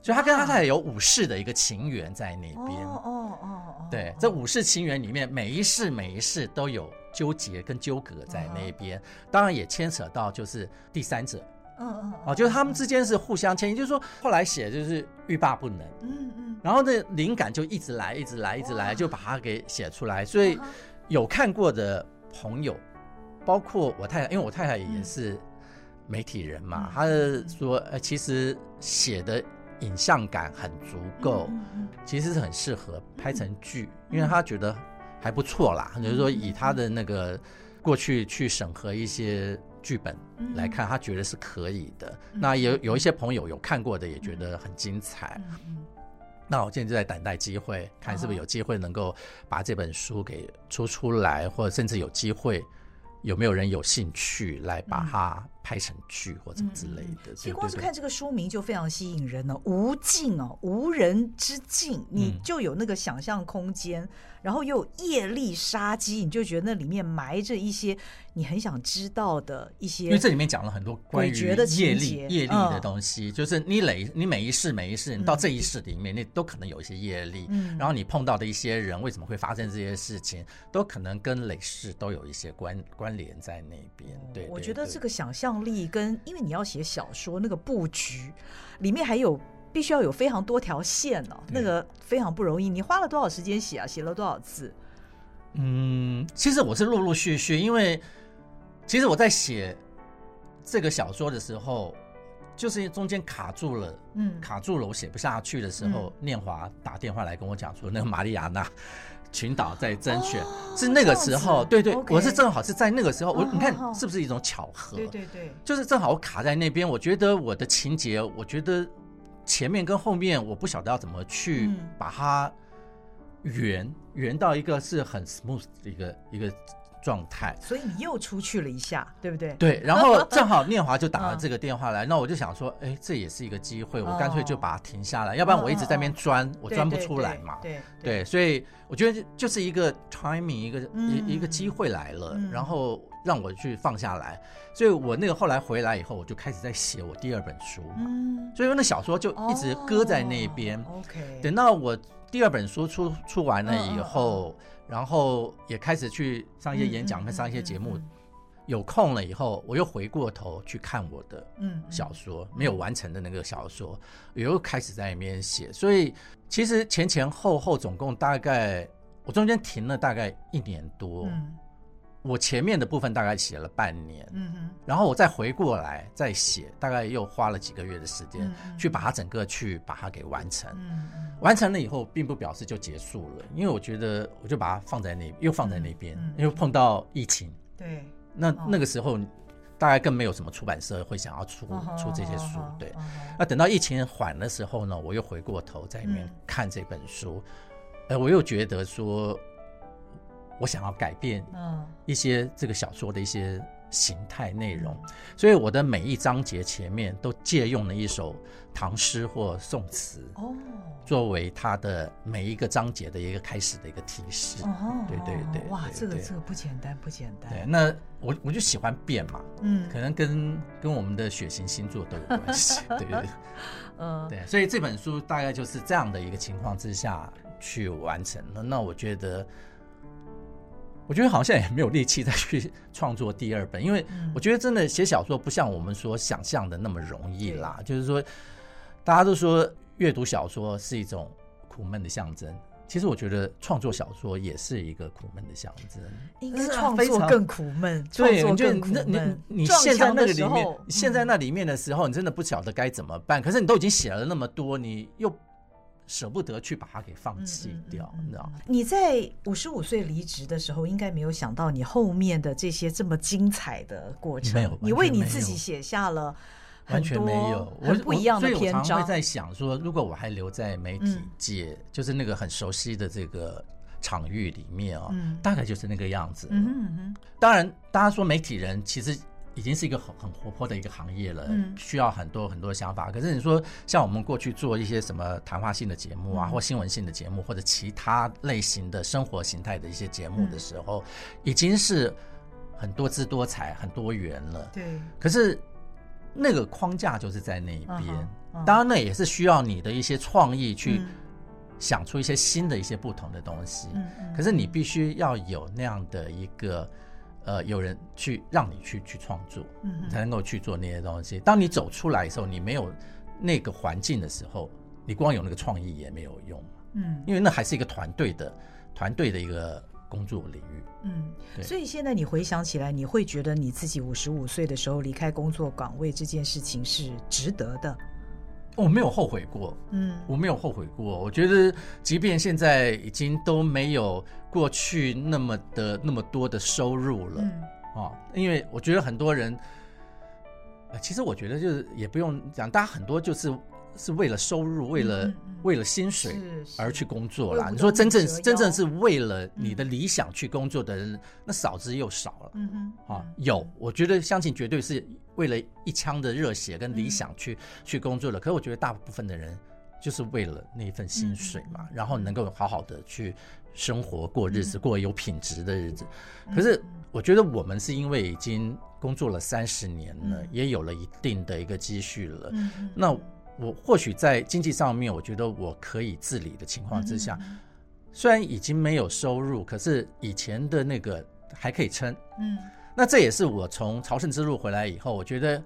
就他跟他太太有五世的一個情緣在那邊，哦哦哦，對，這五世情緣裡面每一世每一世都有糾結跟糾葛在那邊，當然也牽扯到就是第三者。嗯嗯，哦，就是他們之間是互相牽引，就是說後來寫就是欲罷不能，嗯嗯，然後那靈感就一直來，一直來，一直來，就把它給寫出來。所以有看過的朋友，包括我太太，因為我太太也是媒體人嘛，嗯、她說，呃，其實寫的影像感很足夠，嗯、其實是很適合拍成劇、嗯，因為她覺得還不錯啦。就是說以她的那個、嗯、過去去審核一些。劇本來看，他覺得是可以的。那有有一些朋友有看過的，也覺得很精彩。那我現在就在等待機會，看是不是有機會能夠把這本書給出出來，或者甚至有機會，有沒有人有興趣來把它。拍成劇或者什麼之類的，光、嗯、是看這個書名就非常吸引人了。無境哦、啊，無人之境，你就有那個想象空間，嗯、然後又有業力殺機，你就覺得那裡面埋着一些你很想知道的一些。因為這裡面講了很多關於業力、業力的東西，哦、就是你累你每一世每一世，你到這一世裡面，嗯、你都可能有一些業力、嗯。然後你碰到的一些人，為什麼會發生這些事情，都可能跟累世都有一些關關聯在那邊。對，對，我覺得這個想象。量立跟，因為你要寫小說，那個布局裡面還有必須要有非常多條線哦、嗯，那個非常不容易。你花了多少時間寫啊？寫了多少字？嗯，其實我是陸陸續續，因為其實我在寫這個小說的時候，就是中間卡住了，嗯，卡住了，我寫不下去的時候、嗯，念華打電話來跟我講說，那個馬里亞納。群島在甄選。oh, 是那個時候，對，對對，okay. 我是正好是在那個時候，oh, 我你看是不是一種巧合？對對，就是正好我卡在那邊，我覺得我的情節，我覺得前面跟後面，我不曉得要怎麼去把它圓圓到一個是很 smooth 的一個一個。狀態，所以你又出去了一下，對不對？對，然後正好念華就打了這個電話來， 啊、那我就想說，哎，這也是一個機會，哦、我乾脆就把它停下來，哦、要不然我一直在那邊鑽，哦、我鑽不出來嘛。對對，對，對，對對，所以我覺得就是一個 timing，一個一、嗯、一個機會來了，嗯、然後讓我去放下來。嗯、所以我那個後來回來以後，我就開始在寫我第二本書嘛，嗯、所以那小說就一直擱在那邊。OK，哦哦、等到我第二本書出出完了以後。嗯嗯嗯然後也開始去上一些演講，和上一些節目。有空了以後，我又回過頭去看我的小說，沒有完成的那個小說，我又開始在裡面寫。所以其實前前後後總共大概，我中間停了大概一年多。我前面的部分大概寫了半年，嗯哼，然後我再回過來再寫，大概又花了幾個月的時間，嗯、去把它整個去把它給完成，嗯，完成了以後並不表示就結束了，因為我覺得我就把它放在那，又放在那邊，嗯嗯、又碰到疫情，對，那、哦、那個時候大概更沒有什麼出版社會想要出出這些書，對、哦，那等到疫情緩的時候呢，我又回過頭在裡面看這本書，呃、嗯，我又覺得說。我想要改變一些這個小說的一些形態內容，所以我的每一章節前面都借用了一首唐詩或宋詞哦，作為它的每一個章節的一個開始的一個提示。對對對對對對對哦。哦，對對對，哇，這個這個不簡單不簡單。對，那我我就喜歡變嘛，嗯，可能跟跟我們的血型星座都有關係。 對對對，嗯，對，所以這本書大概就是這樣的一個情況之下去完成了。那我覺得。我覺得好像也沒有力氣再去創作第二本，因為我覺得真的寫小說不像我們所想象的那麼容易啦。嗯、就是說，大家都說閱讀小說是一種苦悶的象徵，其實我覺得創作小說也是一個苦悶的象徵，應該是啊、創作更苦悶。對，你就你你你陷在那個裡面，陷在那裡面的時候，嗯、你真的不曉得該怎麼辦。可是你都已經寫了那麼多，你又。捨不得去把它給放棄掉，你知道？你在五十五歲離職的時候，應該沒有想到你後面的這些這麼精彩的過程。嗯、你為你自己寫下了完全沒有很不一樣的篇章。我我我會在想說，如果我還留在媒體界，嗯，就是那個很熟悉的這個場域裡面啊、哦嗯，大概就是那個樣子。嗯嗯，嗯，當然，大家說媒體人其實。已經是一個很很活潑的一個行業了，需要很多很多想法。可是你說，像我們過去做一些什麼談話性的節目啊，或新聞性的節目，或者其他類型的生活形態的一些節目的時候，已經是很多姿多彩、很多元了。對。可是那個框架就是在那邊，當然那也是需要你的一些創意去想出一些新的一些不同的東西。可是你必須要有那樣的一個。呃，有人去讓你去去創作，才能夠去做那些東西。嗯。當你走出來的時候，你沒有那個環境的時候，你光有那個創意也沒有用。嗯，因為那還是一個團隊的團隊的一個工作領域。嗯，對。所以現在你回想起來，你會覺得你自己五十五歲的時候離開工作崗位這件事情是值得的？我沒有後悔過。嗯，我沒有後悔過。我覺得，即便現在已經都沒有。過去那麼的那麼多的收入了、嗯、啊，因為我覺得很多人，其實我覺得就是也不用講，大家很多就是是為了收入，為了、嗯、為了薪水而去工作啦。你說真正真正是為了你的理想去工作的人，嗯、那少之又少了。嗯、啊、嗯，啊、嗯，有，我覺得鄉親絕對是為了一腔的熱血跟理想去、嗯、去工作的。可我覺得大部分的人就是為了那一份薪水嘛，嗯、然後能夠好好的去。生活過日子，嗯、過有品質的日子。可是，我覺得我們是因為已經工作了三十年了、嗯，也有了一定的一個積蓄了。嗯、那我或許在經濟上面，我覺得我可以自理的情況之下、嗯，雖然已經沒有收入，可是以前的那個還可以撐。嗯，那這也是我從朝聖之路回來以後，我覺得。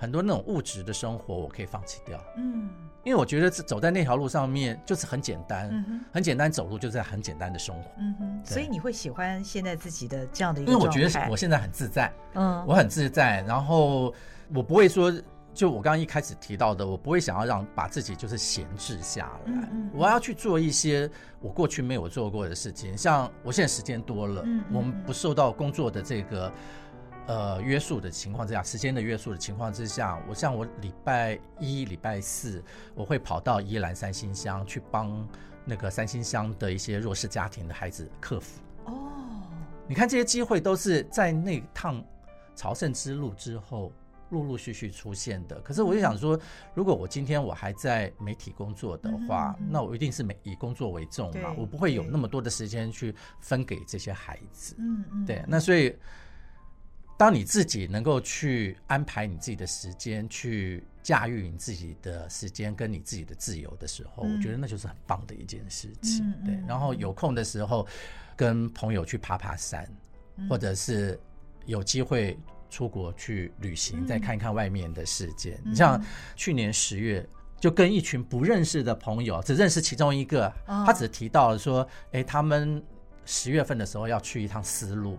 很多那種物質的生活，我可以放棄掉。嗯，因為我覺得走在那條路上面就是很簡單，嗯，很簡單走路就是很簡單的生活。嗯，所以你會喜歡現在自己的這樣的一個狀態？因為我覺得我現在很自在，嗯，我很自在。然後我不會說，就我剛剛一開始提到的，我不會想要讓把自己就是閒置下來，嗯嗯。我要去做一些我過去沒有做過的事情，像我現在時間多了，嗯，我們不受到工作的這個。呃，約束的情況之下，時間的約束的情況之下，我像我禮拜一、禮拜四，我會跑到宜蘭三星鄉去幫那個三星鄉的一些弱勢家庭的孩子克服。哦、oh.，你看這些機會都是在那趟朝聖之路之後陸陸續續出現的。可是我就想說，mm -hmm. 如果我今天我還在媒體工作的話，mm -hmm. 那我一定是沒以工作為重嘛，我不會有那麼多的時間去分給這些孩子。嗯嗯，mm -hmm. 對，那所以。當你自己能夠去安排你自己的時間，去駕馭你自己的時間跟你自己的自由的時候、嗯，我覺得那就是很棒的一件事情。嗯、對，然後有空的時候，跟朋友去爬爬山、嗯，或者是有機會出國去旅行，嗯、再看一看外面的世界。嗯、你像去年十月，就跟一群不認識的朋友，只認識其中一個，哦、他只提到了說，哎，他們十月份的時候要去一趟絲路。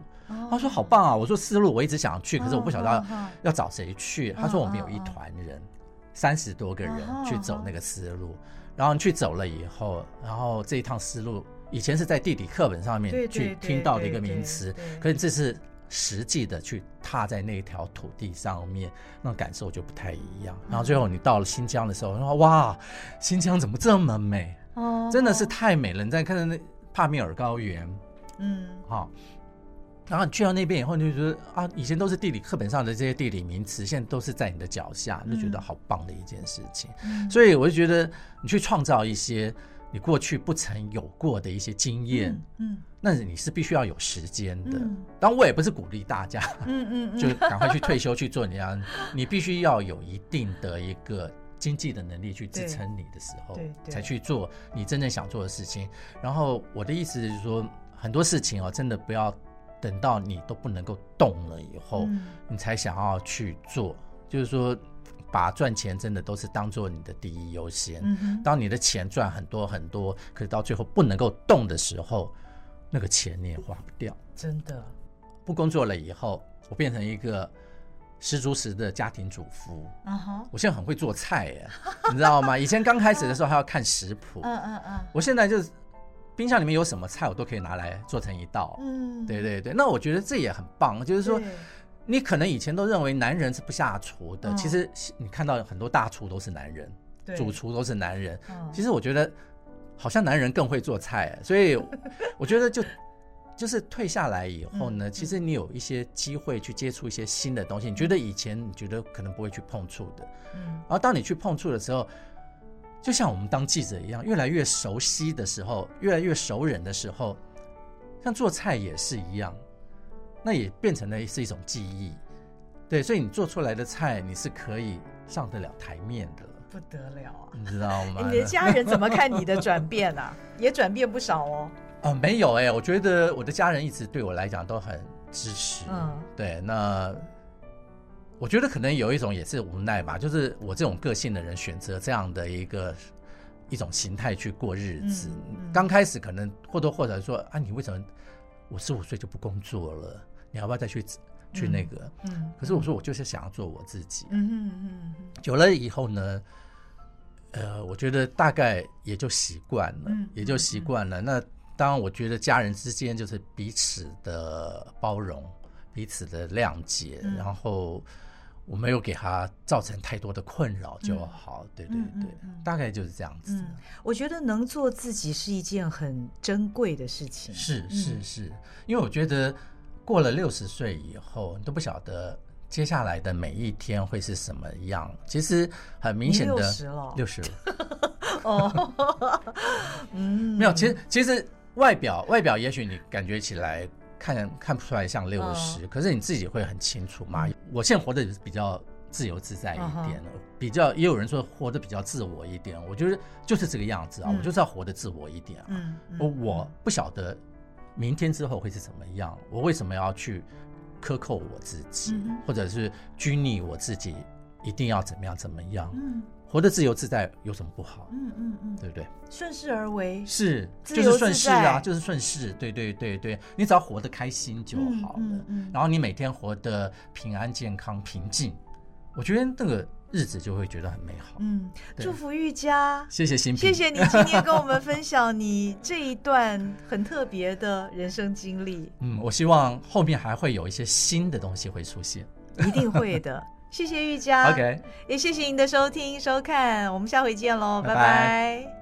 Oh, 他說好棒啊！我說絲路，我一直想要去，可是我不曉得要找誰去。Oh, oh, oh. 他說我們有一團人，三、oh, 十、oh, oh. 多個人去走那個絲路，oh, oh. 然後去走了以後，然後這一趟絲路以前是在地理課本上面去聽到的一個名詞，可是這是實際的去踏在那條土地上面，那種感受就不太一樣。Oh, oh. 然後最後你到了新疆的時候，說哇，新疆怎麼這麼美？哦、oh, oh.，真的是太美了！你再看到那帕米爾高原，oh, oh. 嗯，好、啊。然後你去到那邊以後，你就覺得啊，以前都是地理課本上的這些地理名詞，現在都是在你的腳下，就覺得好棒的一件事情。所以我就覺得，你去創造一些你過去不曾有過的一些經驗，嗯，那你是必須要有時間的。當然，我也不是鼓勵大家，嗯嗯，就趕快去退休去做。你要，你必須要有一定的一個經濟的能力去支撐你的時候，才去做你真正想做的事情。然後我的意思是說，很多事情哦，真的不要。等到你都不能夠動了以後，嗯，你才想要去做，就是說，把賺錢真的都是當做你的第一優先，嗯。當你的錢賺很多很多，可是到最後不能夠動的時候，那個錢你也花不掉。真的，不工作了以後，我變成一個十足十的家庭主婦，uh -huh。我現在很會做菜耶，你知道嗎？ 以前剛開始的時候還要看食譜。嗯嗯嗯。我現在就。冰箱裡面有什麼菜，我都可以拿來做成一道。嗯，對對對。那我覺得這也很棒，就是說，你可能以前都認為男人是不下廚的，其實你看到很多大廚都是男人，主廚都是男人。其實我覺得好像男人更會做菜，所以我覺得就就是退下來以後呢，其實你有一些機會去接觸一些新的東西。你覺得以前你覺得可能不會去碰觸的，嗯，然後當你去碰觸的時候。就像我們當記者一樣，越來越熟悉的時候，越來越熟稔的時候，像做菜也是一樣，那也變成了是一種技藝，對，所以你做出來的菜，你是可以上得了台面的，不得了啊！你知道嗎？欸、你的家人怎麼看你的轉變啊？ 也轉變不少哦。啊、哦，沒有哎、欸，我覺得我的家人一直對我來講都很支持，嗯，對，那。我覺得可能有一種也是無奈吧，就是我這種個性的人選擇這樣的一個一種形態去過日子，嗯嗯。剛開始可能或多或少說：“啊，你為什麼五十五歲就不工作了？你要不要再去去那個嗯？”嗯。可是我說我就是想要做我自己。嗯嗯嗯。久、嗯、了以後呢，呃，我覺得大概也就習慣了，嗯嗯，也就習慣了。嗯嗯、那當然，我覺得家人之間就是彼此的包容、彼此的諒解，嗯、然後。我沒有給他造成太多的困擾就好、嗯，對對對、嗯，大概就是這樣子、嗯。我覺得能做自己是一件很珍貴的事情。是、嗯、是是，因為我覺得過了六十歲以後，你都不曉得接下來的每一天會是什麼樣。其實很明顯的，六十了，六十了哦，嗯， 沒有，其實其實外表外表也許你感覺起來。看看不出來像六十，可是你自己會很清楚嘛、嗯。我現在活得比較自由自在一點，Oh. 比較也有人說活得比較自我一點。我覺得就是這個樣子啊，嗯、我就是要活得自我一點、啊嗯嗯嗯我。我不曉得明天之後會是怎麼樣，我為什麼要去克扣我自己、嗯，或者是拘泥我自己一定要怎麼樣怎麼樣？嗯活得自由自在有什麼不好？嗯嗯嗯，對不對？順勢而為是自自，就是順勢啊，就是順勢。對對對對，你只要活得開心就好了。嗯，嗯，嗯然後你每天活得平安、健康、平靜，我覺得那個日子就會覺得很美好。嗯，祝福玉嘉，謝謝心屏，謝謝你今天跟我們分享你這一段很特別的人生經歷。嗯，我希望後面還會有一些新的東西會出現，一定會的。 謝謝玉嘉，okay. 也謝謝您的收聽收看，我們下回見嘍，拜拜。